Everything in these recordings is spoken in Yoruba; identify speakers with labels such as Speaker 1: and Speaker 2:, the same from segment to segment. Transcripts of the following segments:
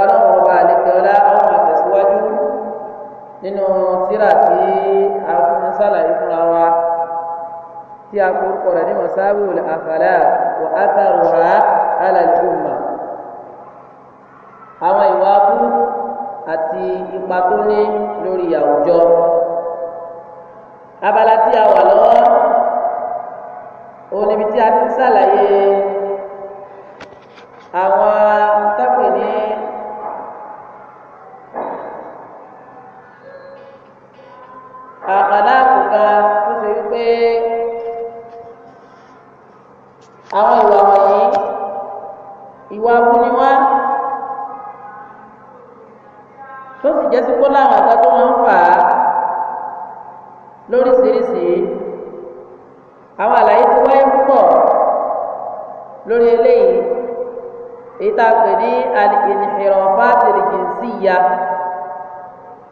Speaker 1: ọlọ́run ọba àlekẹ́ọ́lá ọmọ àtẹ̀síwájú nínú tírà tí a fún sálàyé fúnra wa tí a kó kọ̀rọ̀ ní mọ̀sáwí olè àfàlà wà á tàrò ha alàlẹ́ òmà àwọn ìwà abú àti ipa tó ní lórí àwùjọ abala tí a wà lọ́wọ́ òun níbi tí a ti ń àwọn. jẹ́sí kó láwọn àgbà tó máa ń fà á lóríṣiríṣi àwọn àlàyé ti wáyé púpọ̀ lórí eléyìí èyí tá a pè ní
Speaker 2: al-inhirafat
Speaker 1: al-jinsiyya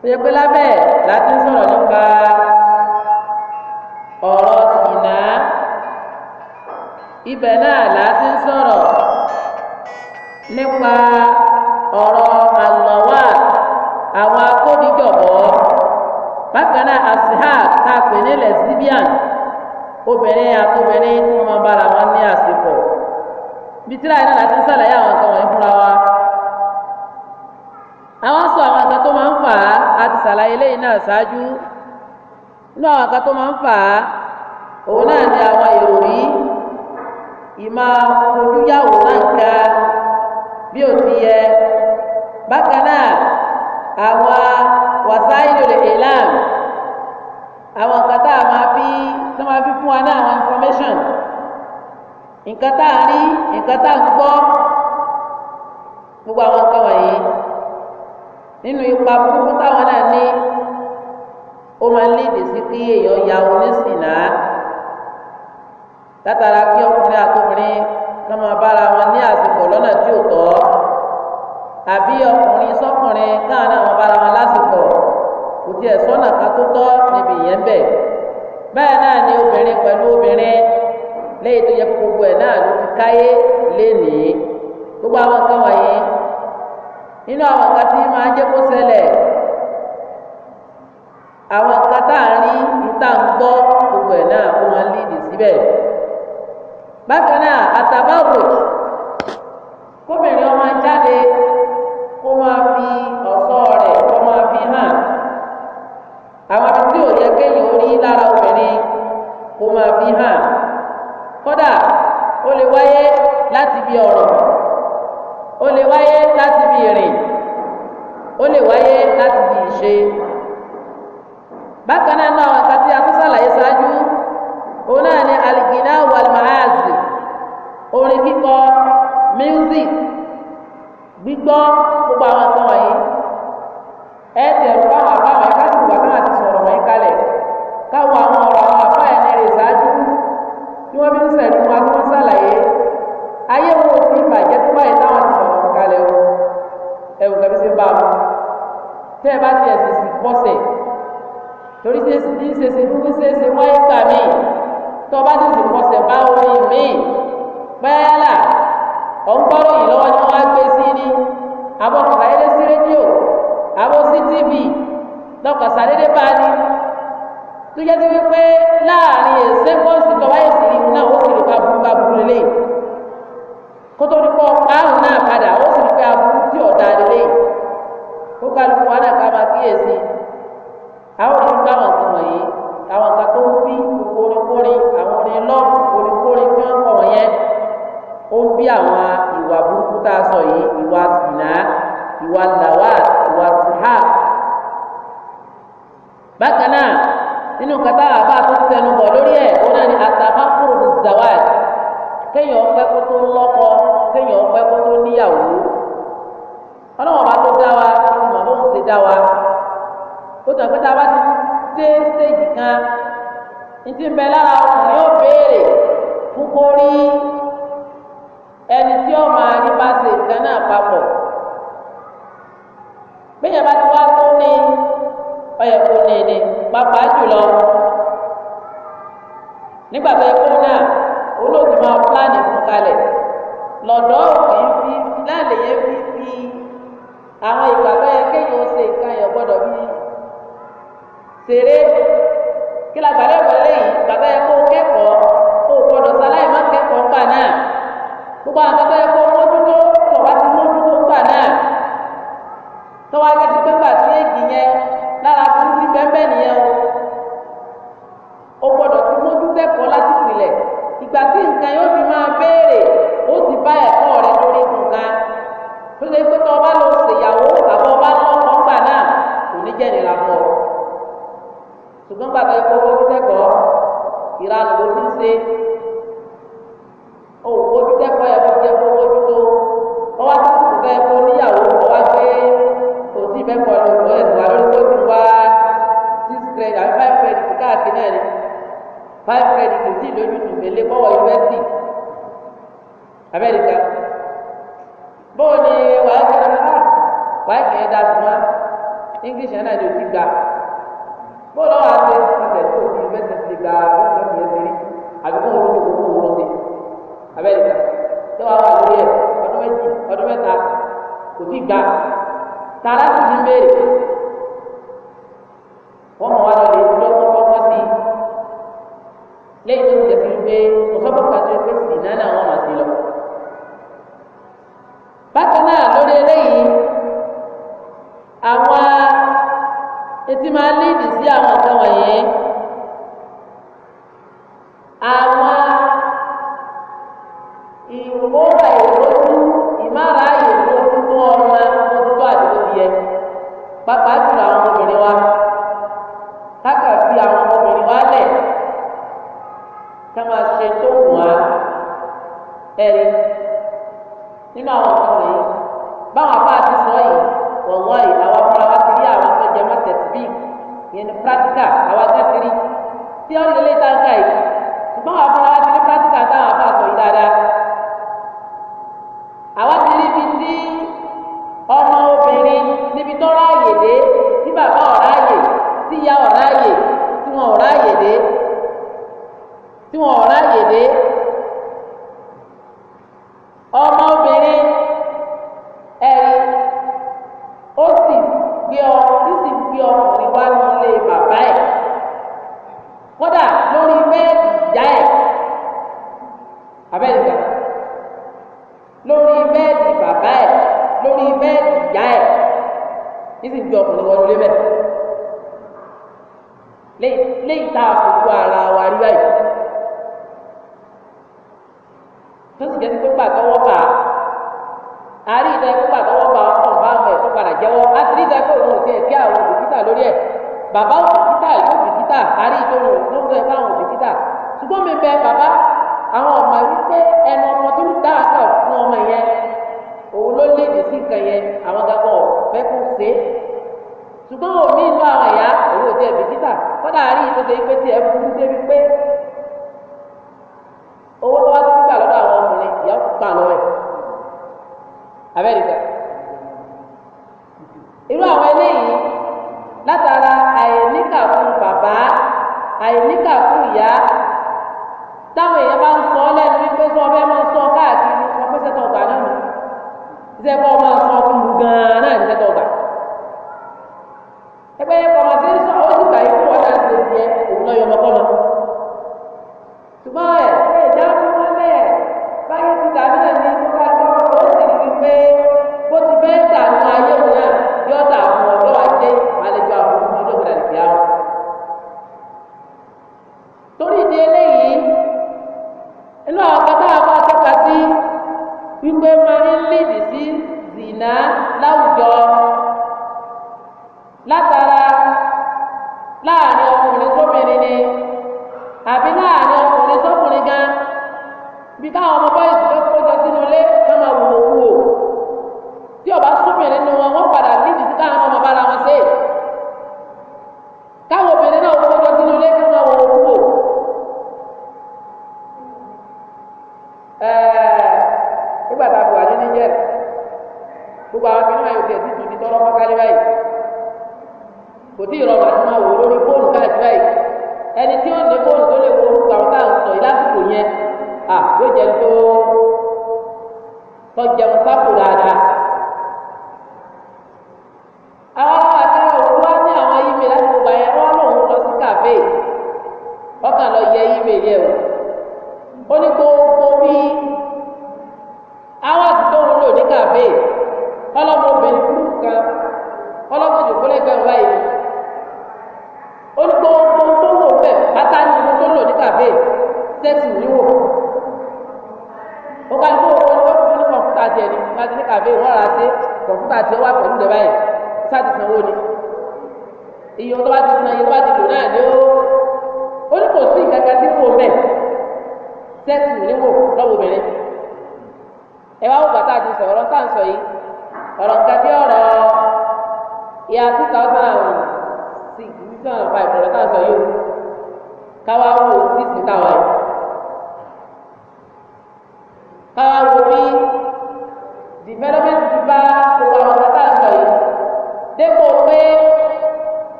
Speaker 1: tó yẹ pé lábẹ́ láti ń sọ̀rọ̀ nípa ọ̀rọ̀ sìnà ibẹ̀ náà láti sọ̀rọ̀ nípa ọ̀rọ̀ àwọn akódìjọbọ bákan náà asihak tá a pè ní lesbian obìnrin àtobìnrin tí wọn máa bára wọn ní àsìkò bitira yìí náà láti sàlàyé àwọn nǹkan wọ̀nyí fúnra wa àwọn sọ àwọn nǹkan tó máa ń fà á àti sàlàyé lẹ́yìn náà ṣáájú inú àwọn nǹkan tó máa ń fà á òun náà ni àwọn ìròrí ìmọ̀ ojúyàwó náà ń ga
Speaker 2: bí ó ti yẹ
Speaker 1: bákan náà àwọn wasaidul ilam àwọn nǹkan tá a máa fi tó máa fi fún wa ní àwọn information nǹkan tá a rí nǹkan tá a gbọ́ gbogbo àwọn nǹkan wọ̀nyí nínú ipa burúkú táwọn náà ní ó máa ń léde sí kí èèyàn ya onísìnà látara kí ọkùnrin àtọkùnrin kí wọn máa bára wọn ní àsìkò lọ́nà tí ò tọ́. tàbí ọkùnrin sọkùnrin náà náà wọn bára wọn lásìkò kò tiẹ̀ sọ́nà kan tó tọ́ níbi ìyẹn bẹ̀
Speaker 2: bẹ́ẹ̀ náà ni obìnrin pẹ̀lú obìnrin
Speaker 1: lẹ́yìn tó yẹ kó gbogbo ẹ̀ náà ló fi káyé lénìí gbogbo àwọn wọ̀nyí
Speaker 2: nínú àwọn tí máa ń jẹ́ kó
Speaker 1: àwọn tá à ń rí níta ń gbọ́ gbogbo ẹ̀ náà máa fi hàn kódà ó lè wáyé láti bí ọ̀rọ̀ ó lè wáyé láti bí ìrìn
Speaker 2: ó lè wáyé láti bí ìṣe
Speaker 1: bákan náà náà ẹ̀ka tí a tún sàlàyé ṣáájú òun náà ni aligina walmaazi orin kíkọ music gbígbọ́ gbogbo àwọn nǹkan ẹ̀ tẹ̀rù báwọn.
Speaker 2: tẹ́ ẹ bá ti ẹ̀sìn sí pọ́sẹ̀
Speaker 1: torí ṣe ní ṣeṣe ní ṣeṣe wáyé gbà mí tó o bá ti sì pọ́sẹ̀ bá omi mí
Speaker 2: báyálà ọ̀ ń gbọ́rọ̀ yìí lọ́wọ́ ni wọ́n á gbé sí ni àbọ̀ kàkà yẹn lé sí rédíò àbọ̀ sí tíìvì lọ́kàn sàdédé bá a ní
Speaker 1: tó yẹ ti wípé láàrin èsè pọ́sì tó credit káàkiri náà ni
Speaker 2: five credit ò tí ì lójú tù mélé bọ́wọ́ yunifásitì
Speaker 1: Amẹ́ríkà bóò ni wàá kẹrẹ náà
Speaker 2: wàá kẹrẹ dá sí wọn English náà ni o ti gbà bóò lọ́wọ́ àti ọ̀sẹ̀ tó ti yunifásitì ti gbà ọ̀sẹ̀ tó
Speaker 1: yẹ kiri àdúgbò wọn ló gbogbo wọn ti Amẹ́ríkà tó wàá wà lórí ẹ̀ ọdún méjì ọdún mẹ́ta kò tí gbà tààrà sì ti ń béèrè wọ́n mọ̀ wá lọ́dẹ jẹ́ sí pé kò sọ́kọ̀ kan tó pé sì náà làwọn máa sí lọ. bákan náà lórí eléyìí
Speaker 2: àwọn etí máa ń sí àwọn kan.
Speaker 1: wọ́n lé bẹ́ẹ̀ léyìí tá a fojú ara wa rí báyìí tó sì jẹ́ sí pípa tọwọ́ bá
Speaker 2: a rí ìtọ́ pípa tọwọ́ bá ọkàn bá àwọn ẹ̀kọ́ padà jẹ́wọ́ a sì rí ìtọ́ pé òun ò tiẹ̀ sí àwọn òbíkítà lórí ẹ̀ bàbá òbíkítà yóò bìkítà a rí ìtọ́ òun ló
Speaker 1: ń tọ́ òbíkítà ṣùgbọ́n mi bẹ bàbá àwọn ọmọ wípé ẹnu ọmọ tó ń dá àkà fún ọmọ yẹn òun ló léde sí nǹkan yẹn àwọn gàgbọ́n fẹ́ kó ṣe é ṣùgbọ́n òmí inú àwọn ẹ̀yà owó òtí ẹ̀bí títà kọ́dà rí i tó ṣe pé tí ẹ burú débi pé owó tó wá tó ń gbà lọ́dọ̀ àwọn ọkùnrin ìyá ń pa lọ́wọ́ ẹ̀ abẹ́rẹ́dà irú àwọn eléyìí látara àìníkà fún bàbá àìníkà fún ìyá gbogbo àwọn akẹ́kọ̀ọ́ yóò fi ẹ̀sìn tún ní tọ́lọ́ mọ́kálí báyìí kò tí ì rọrùn àti máa wò lórí fóònù káàkiri báyìí ẹni tí ó ní fóònù tó lè wo orúkọ àwọn táà sọ yìí lásìkò yẹn à yóò jẹ́ tó tọ́jẹun sápò dáadáa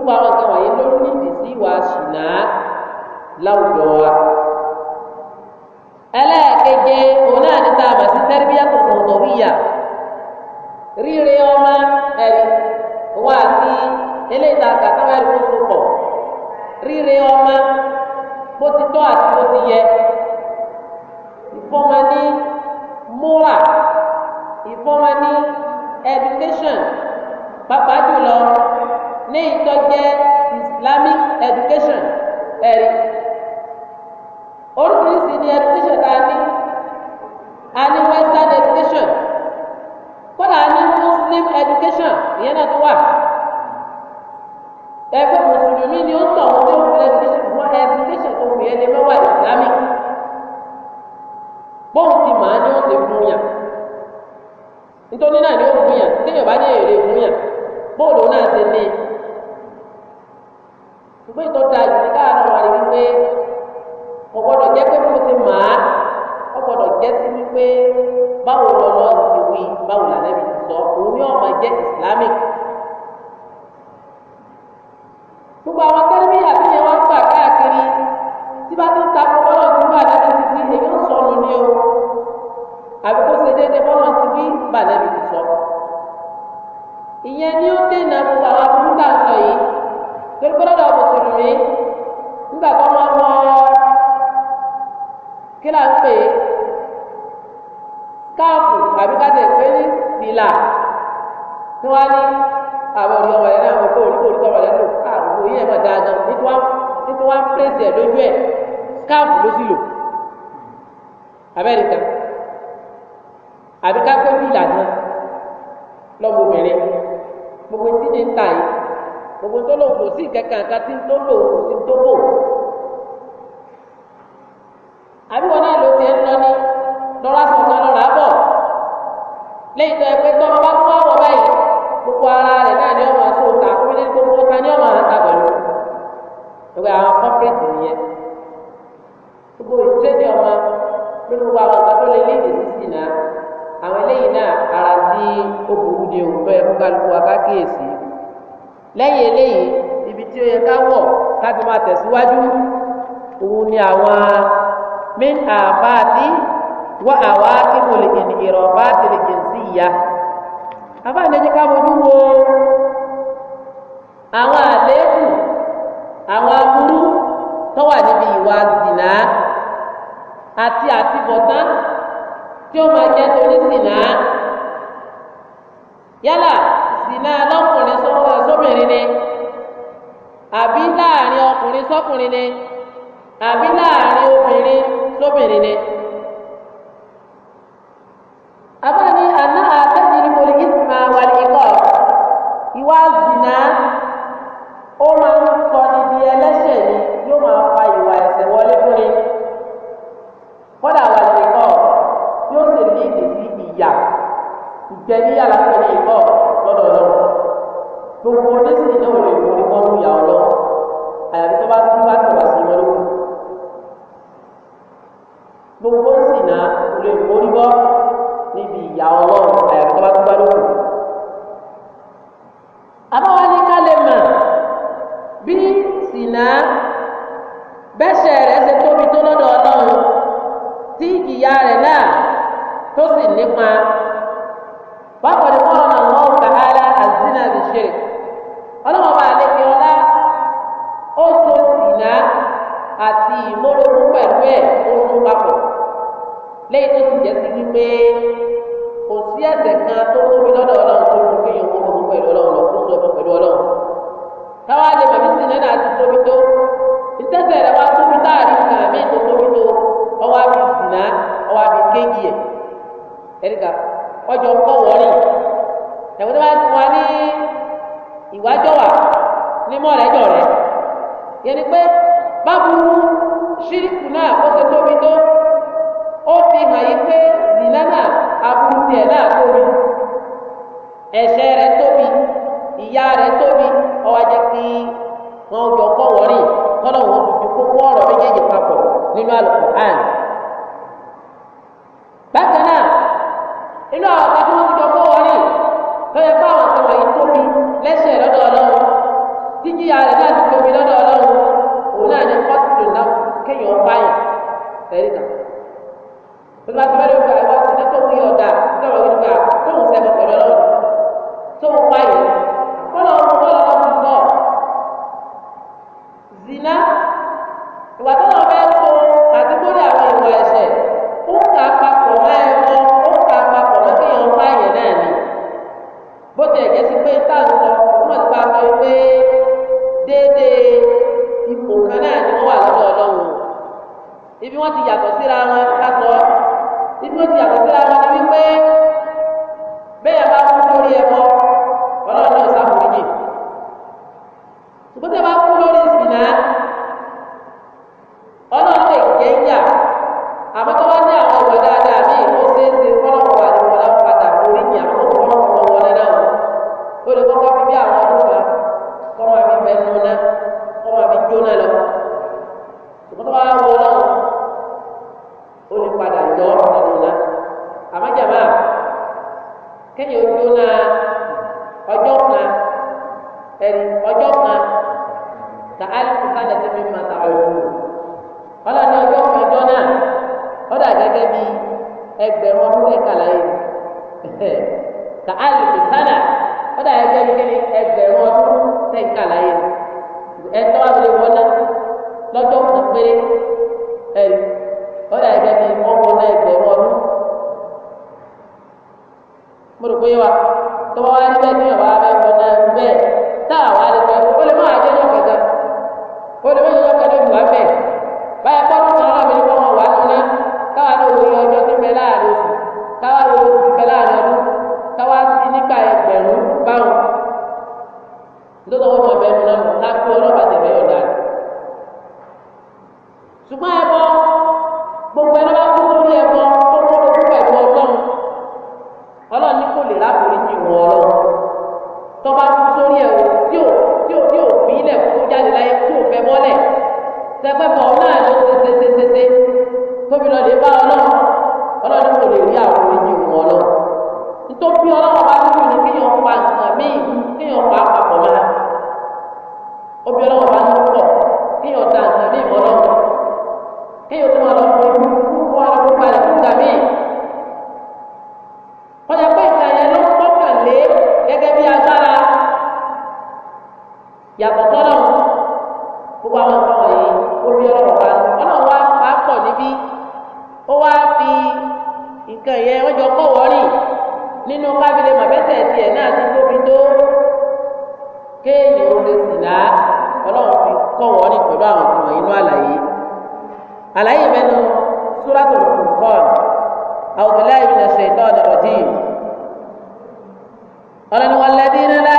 Speaker 1: gbogbo àwọn nǹkan wọ̀nyí ló ní ìdí sí ìwà ṣìnà láwùjọ wa ẹlẹ́ẹ̀keje òun náà ní táàmù sí tẹ́rìbíyà tuntun tó wíyà ríre ọmọ ẹ̀rí òun àti eléyìí tààkà táwọn ẹ̀rí tó so pọ̀ ríre ọmọ bó ti tọ́ àti bó ti yẹ ìfọ́nmọ́ ní múra ìfọ́nmọ́ ní education pàápàá jùlọ ní ìtọ́jẹ́ Islamic education
Speaker 2: ẹ̀rí oríṣiríṣi ni education tá a a ní Western education
Speaker 1: kódà a ní Muslim education ìyẹn náà tó wà ẹgbẹ́ mùsùlùmí ni ó tọ̀ wọ́n tó wọ́n education education tó wù yẹn lè mẹ́wàá Islamic bóun ti màá ni ó ti fún yàn
Speaker 2: nítorí náà ni ó fún yàn téèyàn bá ní èrè fún yàn bóun lòun náà ti ní ṣùgbọ́n ìtọ́jú àjùmí káàánú wà ní wípé kò gbọ́dọ̀ jẹ́ pé mo ti mà á kò gbọ́dọ̀ jẹ́ sí
Speaker 1: wípé báwo lọ́lọ́ ti wí báwo làlẹ́bí ti sọ òun yóò máa jẹ́ islamic. gbogbo àwọn
Speaker 2: kí là ń pè é skáàpù àbí kájẹ pé ní fìlà ní
Speaker 1: wá ní àwọn òrìṣà wà lẹ́nu àwọn òkú òrìṣà òrìṣà wà lẹ́nu àwọn òyìn ẹ̀ mọ̀ dáadáa nítorí wọn pèsè ẹ̀ lójú ẹ̀ skáàpù ló sì lò abẹ́rẹ́ kan àbí ká pé fìlà náà lọ́wọ́ obìnrin gbogbo tí ní ń ta yìí gbogbo tó lò kò sí kẹ̀kẹ́ àká tó lò kò sí tó bò àbí wọn náà ló ti ń lọ ní lọ́ra sọ̀kan lọ́ra bọ̀
Speaker 2: lẹ́yìn tó yẹ pé tọ́ ọba tó wá wọ báyìí gbogbo ara rẹ̀ náà ni ọmọ àti òkà fún mi gbogbo ta ni ọmọ àti àgbàlú ìwé àwọn kọ́pẹ́tì nìyẹn
Speaker 1: gbogbo ìtúrẹ́dì ọmọ nínú gbogbo àwọn ọ̀gá tó lè léde sísì náà àwọn eléyìí náà ara tí ó burú di òun tó yẹ wa ká lẹ́yìn eléyìí ibi tí ó yẹ ká wọ̀ tẹ̀síwájú òun ni àwọn. min àfáàtì wá àwa kíkùlì ìrọ̀bá tìlìkìsì ìyá àfáàní ẹni ká bójú wo àwọn àléébù àwọn aburú tó wà níbi ìwà zìnà àti àtibọ̀tán
Speaker 2: tí ó máa jẹ́ torí zìnà
Speaker 1: yálà zìnà lọ́kùnrin sóbìnrin ni àbí láàrin lóbìnrin ni
Speaker 2: sì nípa bákan ní kọ́ra náà lọ́wọ́ tàhálà àzínà lè ṣe
Speaker 1: ọlọ́wọ́ bá lékè ọlá
Speaker 2: ó so sìnà àti
Speaker 1: ìmọ̀lógún pẹ̀lú ẹ̀ ó mú papọ̀ lẹ́yìn tó ti jẹ́ sí wípé kò sí ẹ̀ṣẹ̀ kan tó tóbi lọ́dọ̀ ọlọ́run tó mú kéèyàn kó mú pẹ̀lú ọlọ́run lọ fún sọ́kùn pẹ̀lú ọlọ́run
Speaker 2: káwá lè mọ̀ bí sinẹ́ náà ti tóbi tó ìtẹ́sẹ̀ rẹ̀ wá tóbi táàrí kan mí tó tóbi tó ọwọ́ àbí sinà ọwọ́ àbí kéèkì ẹ̀ ẹnìkà ọjọ́ kọ́ wọ́ọ̀rì ẹ̀wọ̀n tó bá ti wá ní ìwájọ́ wà ní mọ́ọ̀rẹ́jọ́ rẹ̀
Speaker 1: yẹn ni pé báburú ṣíríkù náà ó ṣe tóbi tó
Speaker 2: ó fi hàn yí pé zìlá náà aburú tiẹ̀ náà tóbi ẹ̀ṣẹ̀ rẹ̀ tóbi ìyá rẹ̀ tóbi
Speaker 1: ọwọ́ jẹ́ kí wọ́n jọ kọ́ wọ́ọ̀rì kọ́lọ̀ wọn kò ju kókó ọ̀rọ̀ méjèèjì papọ̀ nínú àlùkò
Speaker 2: àná. inú àwọn ọ̀gá tí wọ́n ti jọ kó wọn rí lọ́yẹ pé àwọn ọ̀gá wọ̀nyí tóbi lẹ́sẹ̀ lọ́dọ̀ ọlọ́run jíjíya rẹ̀ náà ti tóbi lọ́dọ̀ ọlọ́run òun náà ní kọ́tù náà kéèyàn báyà fẹ́ẹ́ rí ta.
Speaker 1: olùbáṣẹ́ fẹ́ẹ́ rí ti ní wí ọ̀dà ọlọ́run yìí ó rí ọlọ́run bá ọlọ́run wá máa pọ̀ níbí ó wá fi nǹkan yẹn wọ́n jọ kọ́ wọ́rì nínú kábílẹ̀ màbẹ́sẹ̀ tiẹ̀ náà ti tóbi tó
Speaker 2: kéèyàn ó lè sì lá ọlọ́run fi kọ́ wọ́rì pẹ̀lú àwọn ọ̀gbìn inú àlàyé
Speaker 1: àlàyé mẹ́nu Suratul Furqan أعوذ بالله من الشيطان الرجيم قال والذين لا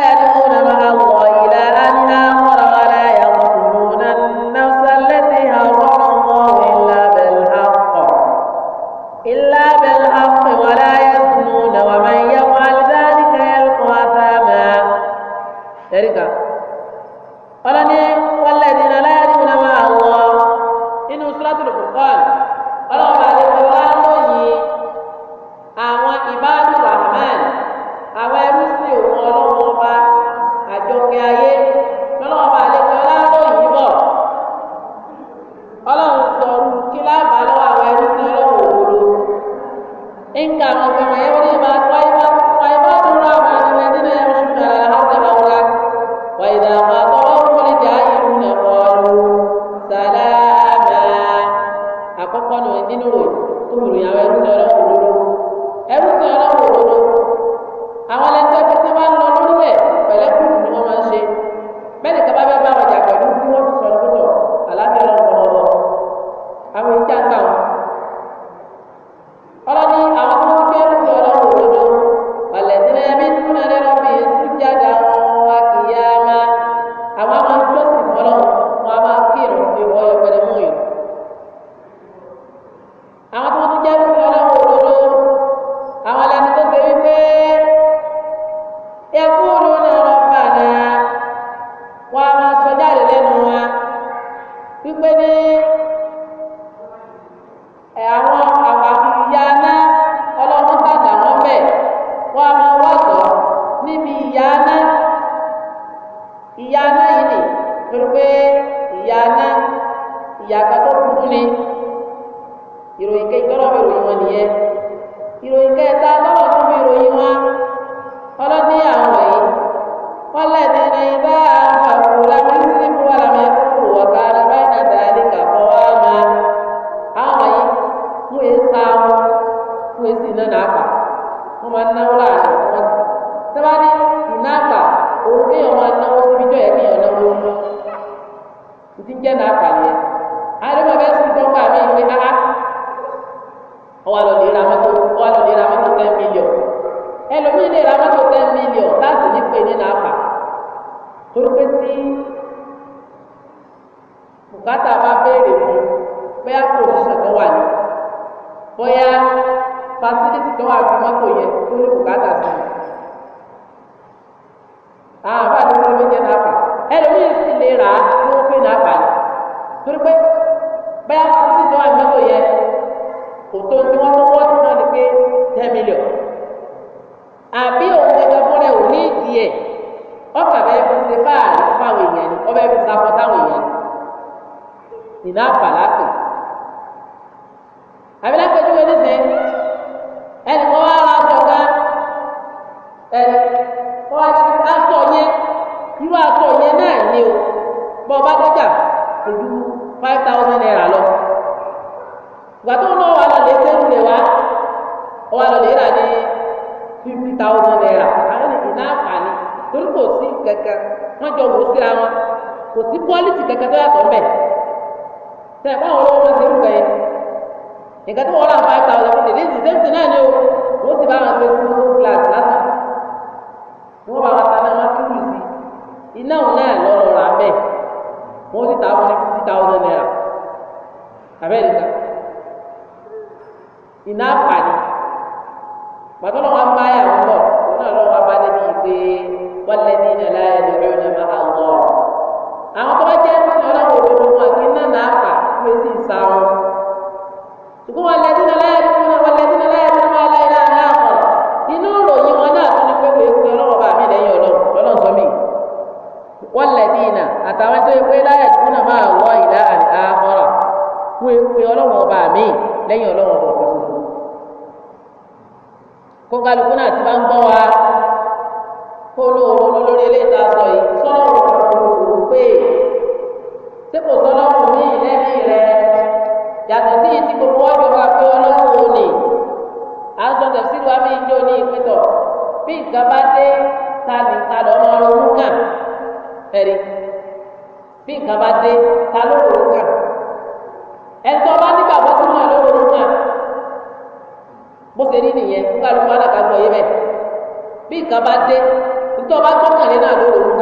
Speaker 1: torí kò sí kẹ̀kẹ́ wọ́n jọ wò ó síra wọn kò sí quality kẹ̀kẹ́ tó yàtọ̀ mbẹ̀
Speaker 2: tẹ̀ fún àwọn olówó ti ń bẹ̀ yẹn nǹkan tó wọ́n rà five thousand fún tèlé ìdílé ti náà ni o wọ́n ti bá wọn gbé fún owó glace lásán wọ́n bá wọn ta náà wọ́n kíkù sí iná òun náà lọ́rọ̀ rà mbẹ̀ wọ́n ti ta wọn ní fifty thousand naira àbẹ́rẹ́ ìgbà iná pàdé
Speaker 1: gbàtọ́ lọ́wọ́ bá yà wọ́n bọ̀ òun náà lọ́wọ́ bá débi ìgbé. والذين لا يدعون الله àwọn tó bá jẹ́ ẹ̀sìn ọlọ́run òdodo wọn kì í ná nàáfà pé sì ń sa wọn ṣùgbọ́n wọn lẹ́dí náà láyé tó náà wọn lẹ́dí náà láyé tó náà láyé náà náà pọ̀ wọ́n lẹ́yìn kó
Speaker 2: kálukú náà ti bá ń gbọ́ wa kó lóo eléyìí tá a sọ yìí sọ́nà òkú pé ṣé kò sọ́nà òkú ní ìlẹ́mí rẹ
Speaker 1: yàtọ̀ sí yìí tí gbogbo ọjọ́ ká pé ọlọ́run ò ní aṣọ tẹ̀síwájú wa bí ijó ní ìpẹ́tọ̀ bí nǹkan bá dé ta ní ta lọ máa ronú kàn ẹ̀rí bí nǹkan bá dé ta ló ronú kàn ẹ̀tọ́ bá ní bàbá sínú àlọ́ ronú kàn bó ṣe rí nìyẹn nígbà ló máa dàgbà gbọ́ yé bẹ́ẹ̀
Speaker 2: bí nǹkan bá dé nítorí ọba gbọ́kànlé náà ló rò ó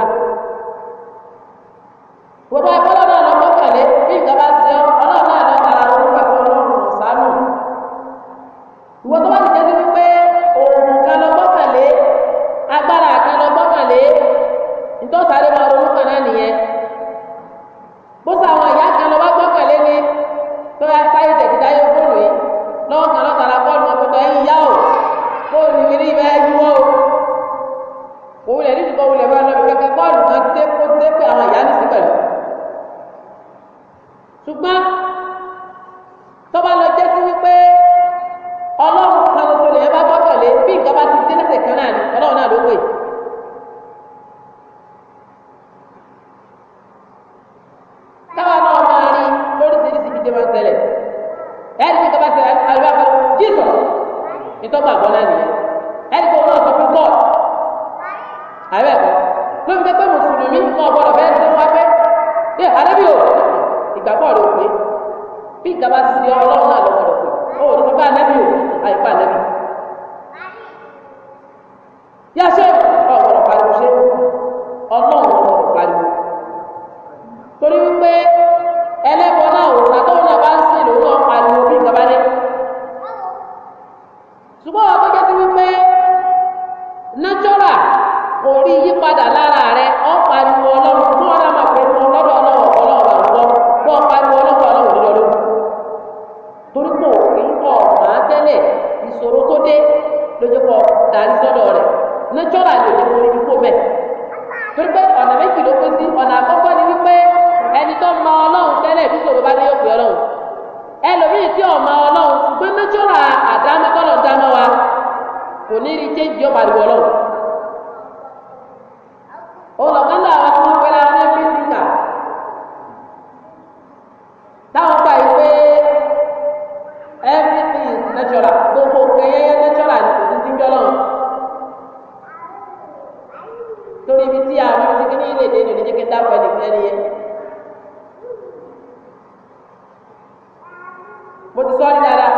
Speaker 2: mo ti sọ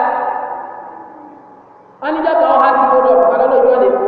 Speaker 2: ọ́ ní dáadáa wọ́n níjọ́ kan wọ́n há sí gbọ́dọ̀ ọ̀dùnkàn
Speaker 1: lọ́dọ̀ ìjọ́ lè kó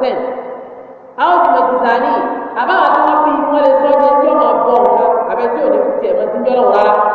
Speaker 1: percent àwọn tó mọ jìzánì àbáwọn tó wọn fi wọn lè sọ ọjọ́ tí wọn máa bọ òun ká àbẹ tí ń jọ lọ́wọ́ rárá.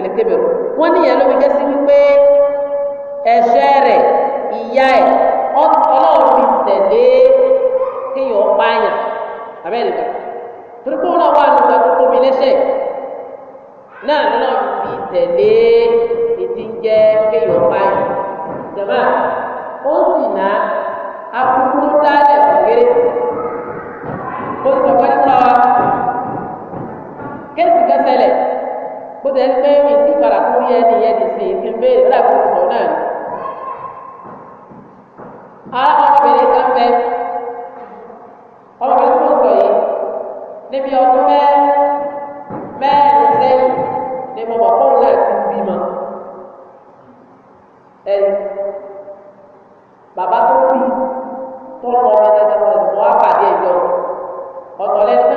Speaker 1: fèlèkébè o wọ́n níyẹn ló fi jẹ́ sí wípé ẹ̀ṣẹ̀ rẹ̀ ìyá ẹ̀ ọlọ́run fi tẹ̀lé kéèyàn pààyàn abẹ́rẹ́ gbà torí pé wọn wà nípa tó tóbi lẹ́sẹ̀
Speaker 2: náà ni wọn fi tẹ̀lé
Speaker 1: ètí ń jẹ́ kéèyàn pààyàn jọba ó sì ná akúkú dálẹ̀ kékeré
Speaker 2: ó sọ pé nípa wa
Speaker 1: kéèsì kẹsẹ̀lẹ̀ bó tẹ̀ ń pé mi ti padà tó rí ẹni yẹn ti sè é kí n béèrè ó dàbí sọ náà ni. arákùnrin kan bẹ
Speaker 2: ọmọbìnrin tó ń sọ
Speaker 1: yìí níbi ọdún mẹ́ mẹ́rin sẹ́yìn ni mo mọ̀ fóun náà ti bímọ. ẹ bàbá tó bí tó lọ ọmọ gẹ́gẹ́ wọn wá pàdé ẹjọ́ ọ̀tọ̀ lẹ́nu.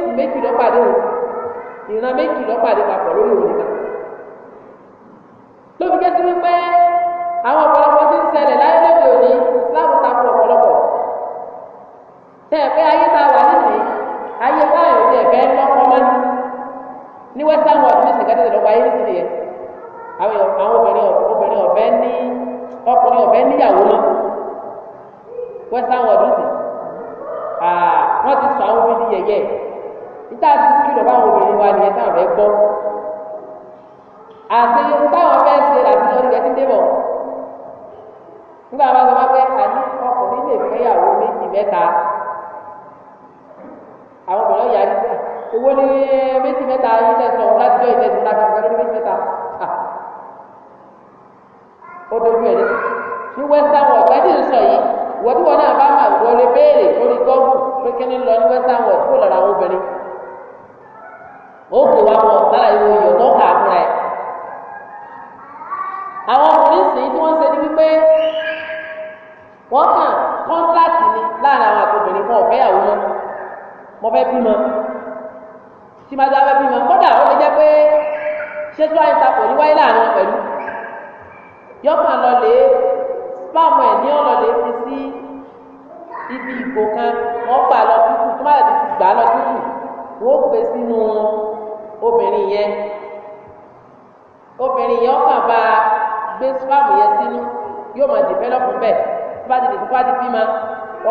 Speaker 1: ṣéèkù méjì lọ́pàdé o ìran méjì lọ́pàdé papọ̀ lórí òun nìkan lóbi jẹ́sí wípé àwọn ọ̀pọ̀lọpọ̀ ti ń ṣẹlẹ̀ láyé lóde òní islam takò ọ̀pọ̀lọpọ̀
Speaker 2: tẹ́ ẹ̀ pé ayé tá a wà nísìnyí ayé táwọn èdè ẹ̀fẹ́ lọ́kọ́ mọ́
Speaker 1: ní western world ní sìnkà tẹ̀lé lọ́wọ́ ayé nísìnyí yẹn àwọn obìnrin obìnrin ọ̀fẹ́ ní ọkùnrin ọ̀fẹ́ níyàwó mọ́ western world ní sìn wọ́n ti sọ àwọn obìnrin yẹ̀yẹ́ níta ti báwọn obìnrin wa nìyẹn táwọn fẹ́ gbọ́ àti táwọn fẹ́ ṣe láti lọ nígbà tí débọ̀ nígbà wọn sọ wọn pé àní ọkùnrin lè fẹ́yàwó méjì mẹ́ta àwọn obìnrin yà á owó ní méjì mẹ́ta yìí tẹ̀sán láti jọ ìtẹ̀sán láti ọ̀gá lórí méjì mẹ́ta ó dojú ẹ̀ lẹ́sìn ní western world gbẹ́dì ń sọ yìí wọ́n náà bá máa wọlé béèrè lórí gọ́ọ̀gù pé kí ni lọ ní western world kó lọ́ra àwọn obìnrin ó pè wá pọ̀ lára ìwé oyè tó kà á fúnra ẹ̀. àwọn ọkùnrin sì tí wọ́n ṣe ní wípé wọ́n kàn kọ́ńtrákì ni láàrin àwọn àtòbìnrin kan ọ̀fẹ́yàwó mọ́ mo fẹ́ bímọ tí màá dáa fẹ́ bímọ kódà ó lè jẹ́ pé ṣé tí wọ́n á ta ní wáyé láàrin wọn pẹ̀lú yọkàn lọ lè spam ẹ̀ ní ọ̀nà lè fi sí ibi ìgò kan wọ́n gbà lọ tútù tó má lè ti gbà lọ tútù wọ́n gbé sínú wọn obìnrin yẹn obìnrin yẹn ọkàn bá gbé sípàmù yẹn sínú yóò máa dìbẹ́lọ́pù bẹ́ẹ̀ tó bá ti dìbò tó bá ti bímọ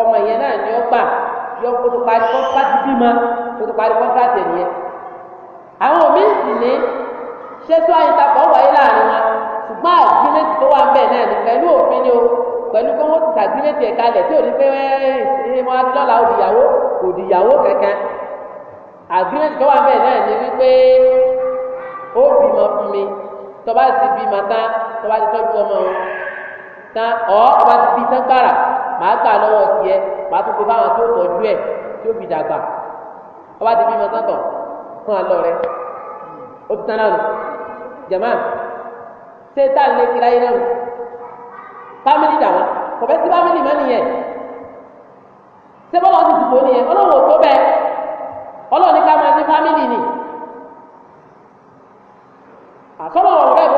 Speaker 1: ọmọ yẹn náà ni ó gbà yọ kó tó parí kó tó bá ti bímọ kó tó parí kọ́ńtàtì ẹ̀ nìyẹn àwọn míì sì ní
Speaker 2: ṣẹ́tú àyíntàpọ̀ wáyé láàrin wọn ṣùgbọ́n àgbélẹ̀tì tó wà bẹ́ẹ̀ náà ní pẹ̀lú òfin ni
Speaker 1: o pẹ̀lú pé wọ́n ti ṣàgbélẹ̀tì ẹ̀ka lẹ̀ tí ò ní pé wọ́n á di lọ́la òdìyàwó òdìyàwó kẹ̀kẹ́ agreement tó wà bẹ́ẹ̀ náà ni wípé ó bímọ fún mi tó bá ti bímọ tán tó bá ti tọ́jú ọmọ wọn tán ọ́ tó bá ti bí tán gbàrà màá gbà lọ́wọ́ tiẹ̀ màá tún kó báwọn tó tọ́jú ẹ̀ tí ó fi dàgbà tó bá ti bímọ tán tọ̀ fún alọ́ rẹ ó ti tán náà nù jẹ̀má
Speaker 2: ṣé tá lè kiri ayé
Speaker 1: náà nù dà wọn kò fẹ́ sí fámìlì má nìyẹn ṣé bọ́lá ti dìbò nìyẹn ọlọ́wọ́ tó bẹ́ẹ̀ ọlọ́run ní ká máa ní fámìlì ni
Speaker 2: àtọ́lọ́wọ́ ọ̀rẹ́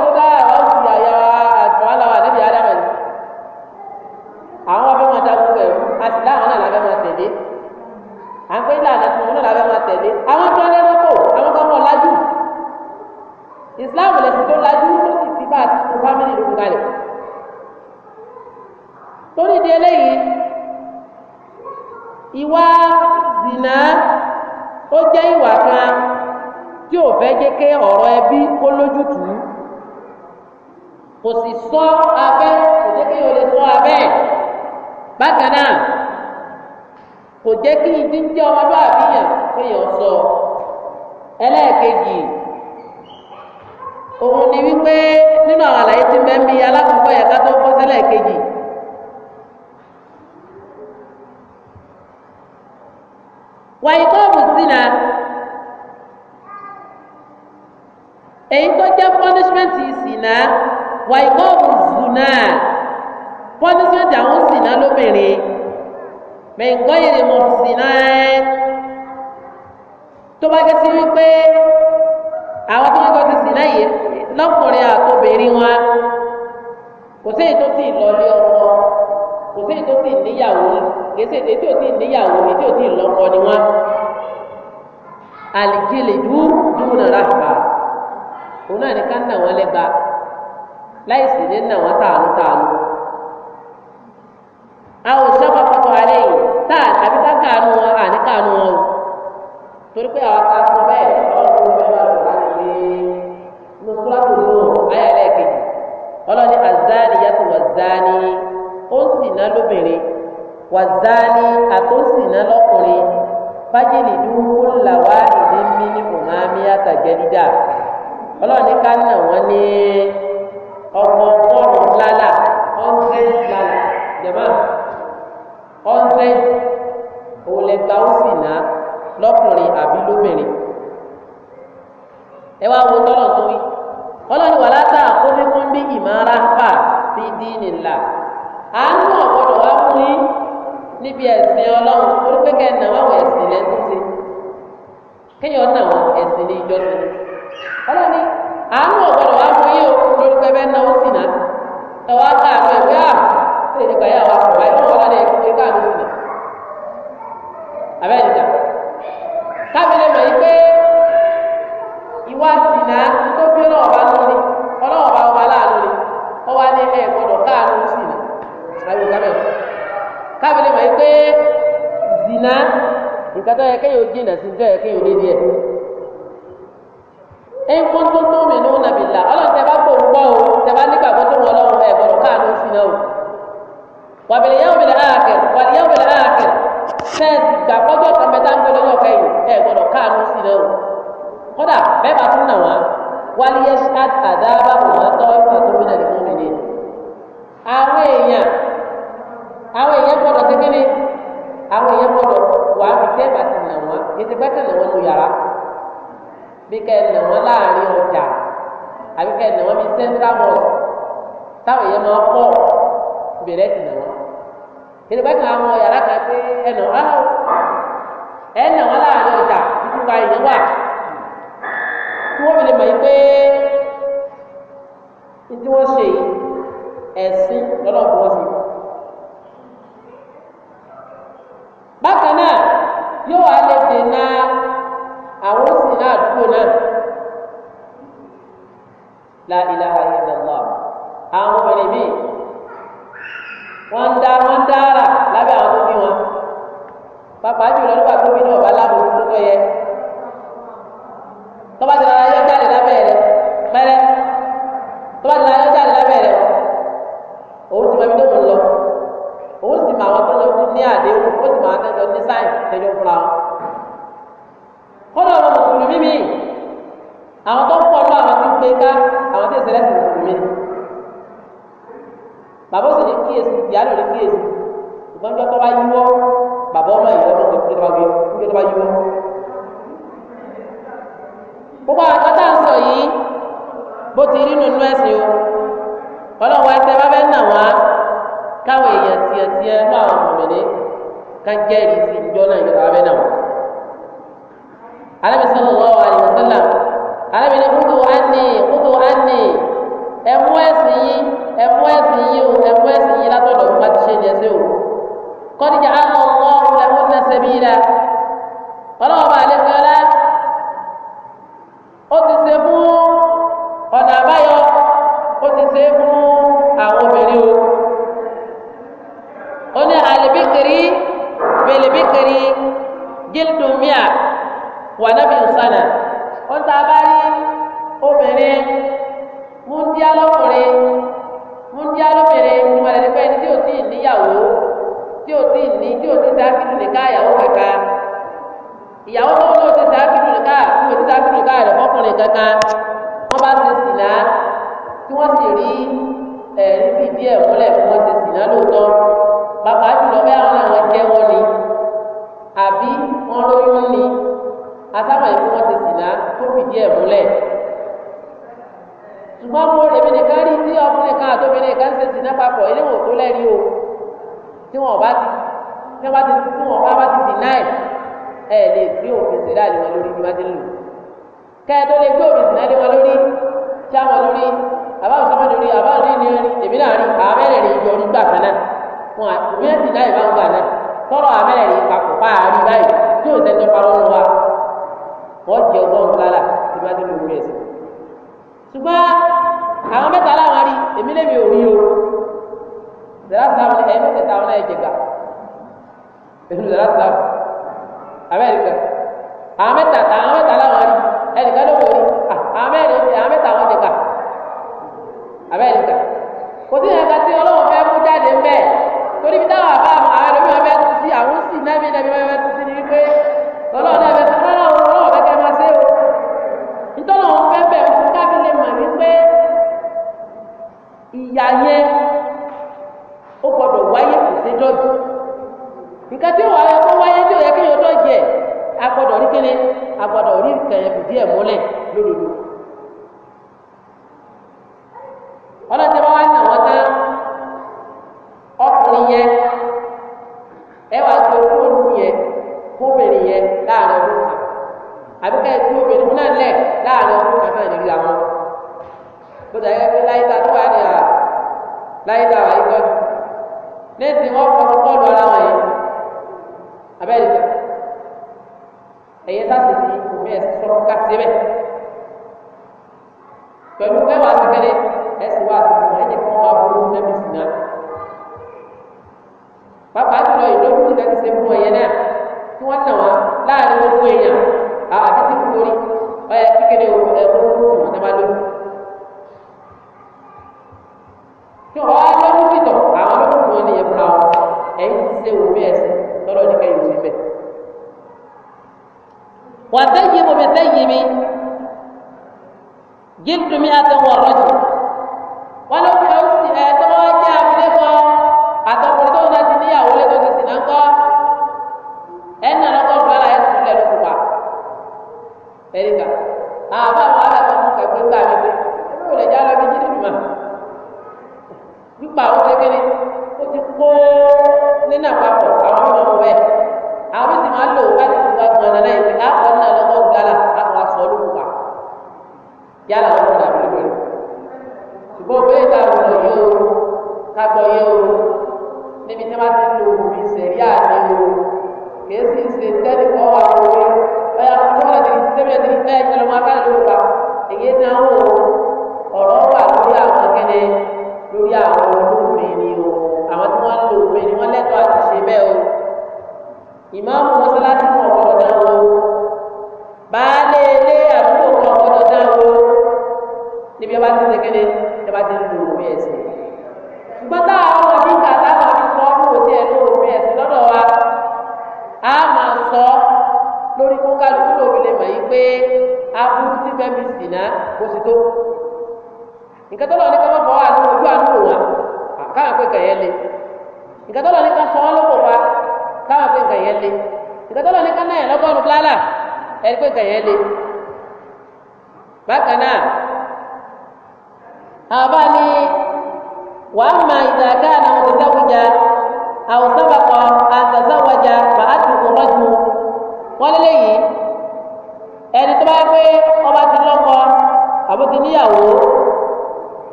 Speaker 1: ṣé ètò tí níyàwó kèsè ètò tí níyàwó ètò tí lọ́kọ ni wọ́n. àlìjìlè dú dúró náà ráàbà òun náà ní ká nà wọ́n lẹ́gba láì sì ní nà wọ́n tààrù tààrù. àwọn òṣìṣẹ́ pàpàpọ̀ àlẹ́ yìí tá àbí ká kàánú wọn àní kàánú wọn o torí pé àwọn ta sọ bẹ́ẹ̀ ọlọ́run ló bẹ́ẹ̀ lọ́wọ́ láti gbé nùsùlá tó lò áyà lẹ́ẹ̀kejì ọlọ́ni àzáni yàtọ̀ wà záni. ó ń sì ná lóbìnrin wàzáni àtúnṣìná lọ́kùnrin fájìlì dúró ńlá wá ìdí mímí mùmáàmí àtàjẹdídà ọlọ́ọ̀ni ká nà wọ́n ní ọmọ ọgọ́rùn-ún lálà
Speaker 2: hundred lálà jẹ̀mọ́ abi òlẹ̀gbà ó
Speaker 1: ná àbí lóbìnrin ẹ wá wo tọ́lọ̀ tó wí ọlọ́ọ̀ni wà látà kó ara fà dín àánú ọ̀gbọ́dọ̀ wá fún yín
Speaker 2: níbi ẹ̀sìn ọlọ́run torí pé kẹ́ ẹ̀ nà ẹ̀sìn rẹ̀ tó ṣe
Speaker 1: kéèyàn nà wọ́n ẹ̀sìn ní àánú ọ̀gbọ́dọ̀ wá fún yín o lórí pé bẹ́ẹ̀ sì ẹ̀ wá ká ah, yà wá fún wa mọ̀ àbí kábẹ̀ kábẹ̀ lè mọ̀ yìí pé zina nǹkan tó yẹ kéèyàn ó jìnà sí tó yẹ kéèyàn ó lé díẹ̀ ẹ̀yin kó tó tó mi ní òun nàbì là ọlọ́run bá kó gbọ́ o tẹ bá nígbàgbọ́ tó wọn lọ́wọ́ ẹ̀ gbọ́dọ̀ káàánú sí náà o wàbìlì yẹ́wò bìlẹ̀ ààkẹ́ wàbìlì yẹ́wò bìlẹ̀ ààkẹ́ sẹ́ẹ̀sì gbà kọjọ́ kan bẹ́ẹ̀ tá ń gbé lọ́yọ̀ kẹ́yìn ẹ̀ gbọ́dọ̀ káàánú o
Speaker 2: kódà bẹ́ẹ̀ bá tún nà wọ́n wálé ṣáàtì àdá bá kò wọ́n tọ́ ìdìbò kan àwọn yàrá kan pé ẹnà áwọ. Ah,
Speaker 1: kíni a gbọ́dọ̀ rí nǹkan yẹn fìdí ẹ̀ múlẹ̀ lódodo. ọlọ́tí bá wá nà wọ́n tán
Speaker 2: ọkùnrin yẹn
Speaker 1: ẹ wàá gbé fóònù yẹn fóbìnrin yẹn láàrin ọdún kan
Speaker 2: àbíkẹ́ tí obìnrin náà lẹ̀ láàrin ọdún kan náà nílùú àwọn
Speaker 1: gbọ́dọ̀ ẹ fi láyé a tó wà ní à láyé a wà yí tọ́jú ní ìsìn wọn kọ́ tó kọ́ lu ara wọn yìí. ìmáàmù mọ́sálásí kan ọ̀gbọ́dọ̀ dáwọ́
Speaker 2: baálé ilé àdúgbò kan ọ̀gbọ́dọ̀ dáwọ́
Speaker 1: níbi ọba ti tẹ́kẹ́lẹ́ ẹba ti lu òfin ẹ̀sìn ṣùgbọ́n táwọn ọmọ kàtà máa sọ ọ́nù òtí ẹ̀ ní òfin ẹ̀sìn lọ́dọ̀ wa a máa sọ lórí kó kálukú lóbi lè mọ̀ yìí pé aburú ti fẹ́ mi sì ná kó sì tó
Speaker 2: nǹkan tó lọ ní ká má fọwọ́ àti ojú àdúgbò
Speaker 1: wa káwọn pé kẹ̀yẹ́ le nǹkan tó lọ ní ká sọ ìkẹtọ́lọ́ ní ká náà lọ́gọ́rùn-ún bláàlà ẹni pé kẹ̀yẹ́ le bákan náà
Speaker 2: àwọn bá ní wàá máa ìdàgá àwọn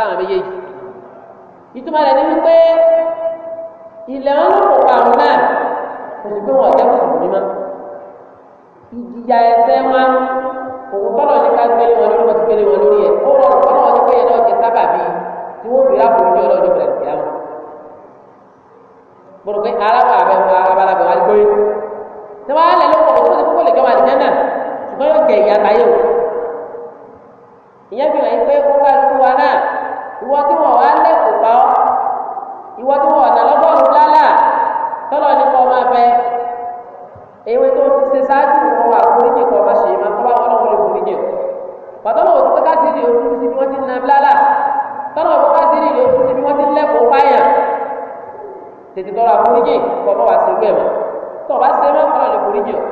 Speaker 1: sáwọn méjèèjì ìtumọ̀ rẹ̀ ni wípé ilẹ̀ wọn ló kópa àwọn náà kò sí pé wọn ọ̀tẹ́ mùsùlùmí mọ́ ìjìyà ẹsẹ̀ wọn òun tọ́lọ̀ ní ká gbélé wọn lórí wọn ti gbélé wọn lórí ẹ̀ ó rọrùn tọ́lọ̀ wọn ti gbélé náà jẹ sábà bíi tí wọ́n fi ráàpù ní ọlọ́ọ̀ ní bẹ̀rẹ̀ sí àwọn. mo rò pé alábàbẹ̀ wọn alábàbẹ̀ wọn á gbé
Speaker 2: ewé tó ti ṣe ṣáájú wọn wà foríjì kan ọba ṣèyí máa tọ́wọ́ ọlọ́run lè
Speaker 1: foríjì pàtó náà òtún ká sídìí òtún síbi wọ́n ti ń na bílálà tọ́nà òtún ká sídìí òtún síbi wọ́n ti ń lẹ́kọ̀ọ́ páyà
Speaker 2: tètè tọ́ra foríjì kọ́ bọ́ wá sí ẹgbẹ́ mọ́ tọ́ ọba ṣe máa ń kọ́ lọ́ọ́ lè foríjì ọ̀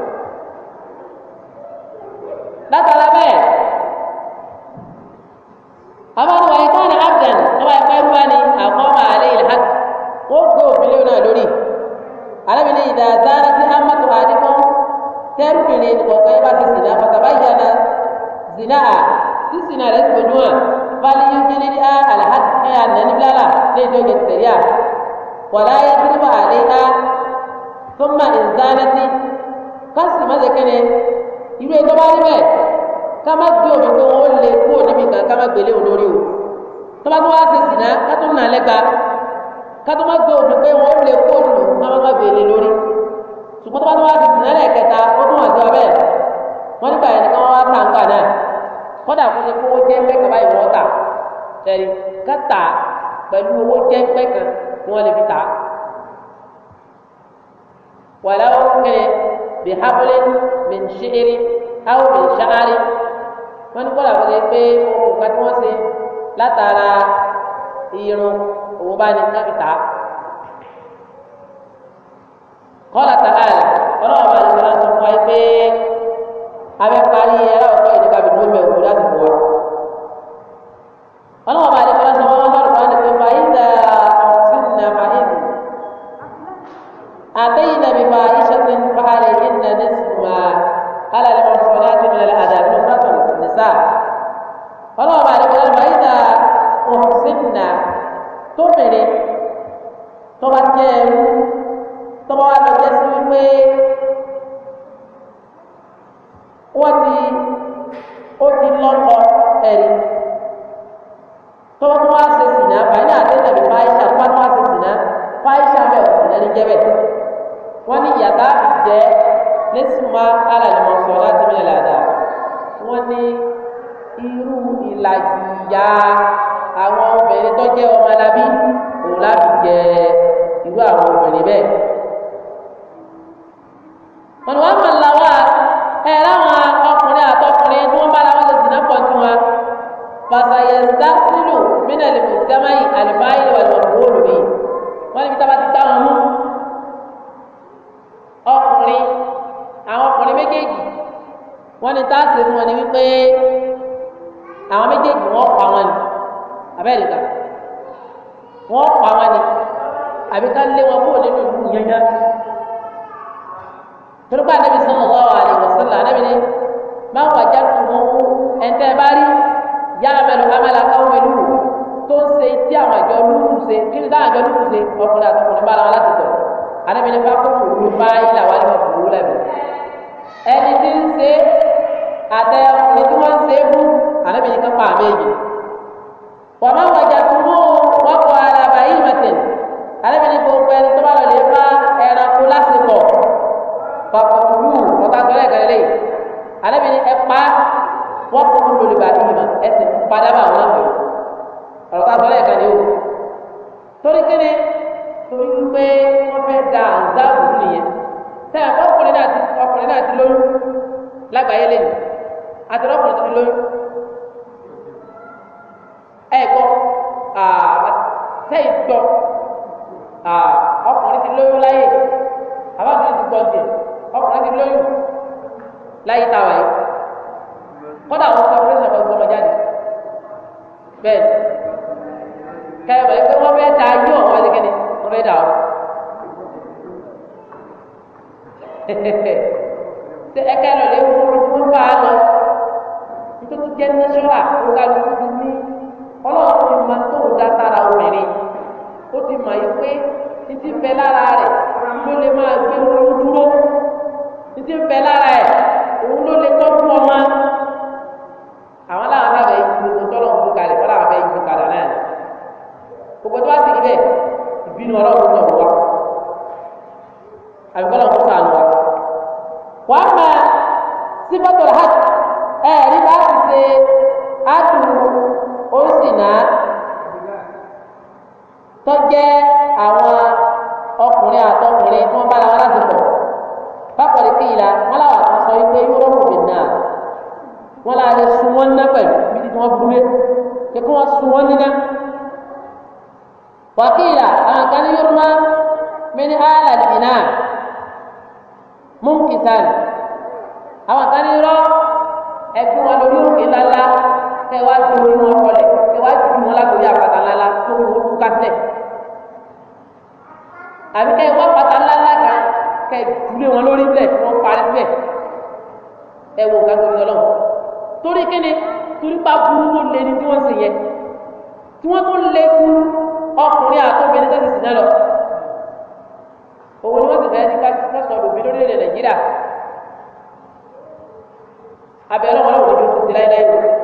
Speaker 1: tọ́ba jẹ́ ẹrú tọ́ba wa lọ jẹ́ sí wípé wọ́n
Speaker 2: ti ó ti lọ́kọ ẹ̀rí tọ́ba tó wá ṣe sìnà báyìí náà dé tàbí fáyíṣà tọ́ba tó wá ṣe sìnà fáyíṣà bẹ́ẹ̀ sìnà ní jẹ́ bẹ́ẹ̀
Speaker 1: wọ́n ní yàtá ìjẹ́ lẹ́sùnmá alàlùmọ̀sọ̀ láti mílẹ̀ làdá wọ́n ní irú ìlàjì ìyá àwọn obìnrin tó jẹ́ ọmọ alábí òun láti jẹ́ ẹ̀
Speaker 2: àwọn obìnrin bẹ́ẹ̀.
Speaker 1: ọ̀nà wa mọ̀ làwọn ẹ̀ láwọn ọkùnrin àtọkùnrin tí wọ́n bá làwọn lè dìnnà pọ̀ tí wọn. bàtàyẹ dásílù mínà lè fi dámáyì àlùbáyé wà lọ́dún wọ́ọ̀lù mi. wọ́n níbi tábà ti gbá wọn mú.
Speaker 2: ọkùnrin àwọn ọkùnrin méjèèjì
Speaker 1: wọ́n ní táàsì wọn ni wípé àwọn méjèèjì wọ́n pa wọn ni abẹ́rẹ́ gbà wọ́n pa wọn ni àbí ká lé wọn kúrò nínú ìlú yẹnyẹ
Speaker 2: torípa anabi sallallahu alaihi wasallam anabi ni
Speaker 1: máa wà já tó wọn kú ẹntẹ bá rí yá amẹlú amẹlá káwọn mẹlú tó ń ṣe tí àwọn àjọ lùkù ṣe kí ni táwọn àjọ lùkù ṣe ọkùnrin àti ọkùnrin bá ara wọn láti tọ anabi ni fáwọn kò wúlò bá ilà wà lẹwà kò wúlò lẹbi ẹni tí ń ṣe àtẹ ọkùnrin tí wọn ń ṣe é fún anabi ni ká pa àmì èyí wọn máa wà padàbà àwọn àgbẹ̀ ọ̀rọ̀ ká sọ́lẹ̀ ẹ̀ka ni ó torí kíni torí wípé wọ́n fẹ́ da àǹzá òun nìyẹn
Speaker 2: tẹ́ ọkùnrin náà ti ọkùnrin náà ti lóyún
Speaker 1: lágbàáyé lẹ́yìn àti ọkùnrin tó ti lóyún ẹ̀ kọ́
Speaker 2: sẹ́yìn gbọ́ ọkùnrin ti lóyún láyè àbáfin ti gbọ́ tiẹ̀ ọkùnrin ti lóyún láyé táwa yìí kọ́dà àwọn sọ pé sọ bẹ́ẹ̀ kẹrìnbà yìí pé wọ́n fẹ́ ayé ọ̀hún wọ́n ti kéde wọ́n fẹ́ da
Speaker 1: ṣe ẹ̀ka ẹ̀rọ lè wọ́n tí wọ́n bá a lọ nítorí jẹ́ nẹ́ṣọ́rà tó ga lóko ní ọlọ́run ti máa tó da sára obìnrin
Speaker 2: ó ti mọ̀ yìí pé títí bẹ lára rẹ̀ ló lè máa gbé wọn dúró títí bẹ lára ẹ̀ òun ló lè tọ́jú ọmọ.
Speaker 1: ìbínú ọlọ́run náà wá àbíkọ́lọ́ ń sàánú wa. wàá máa sífọ́tò rẹ̀ لنا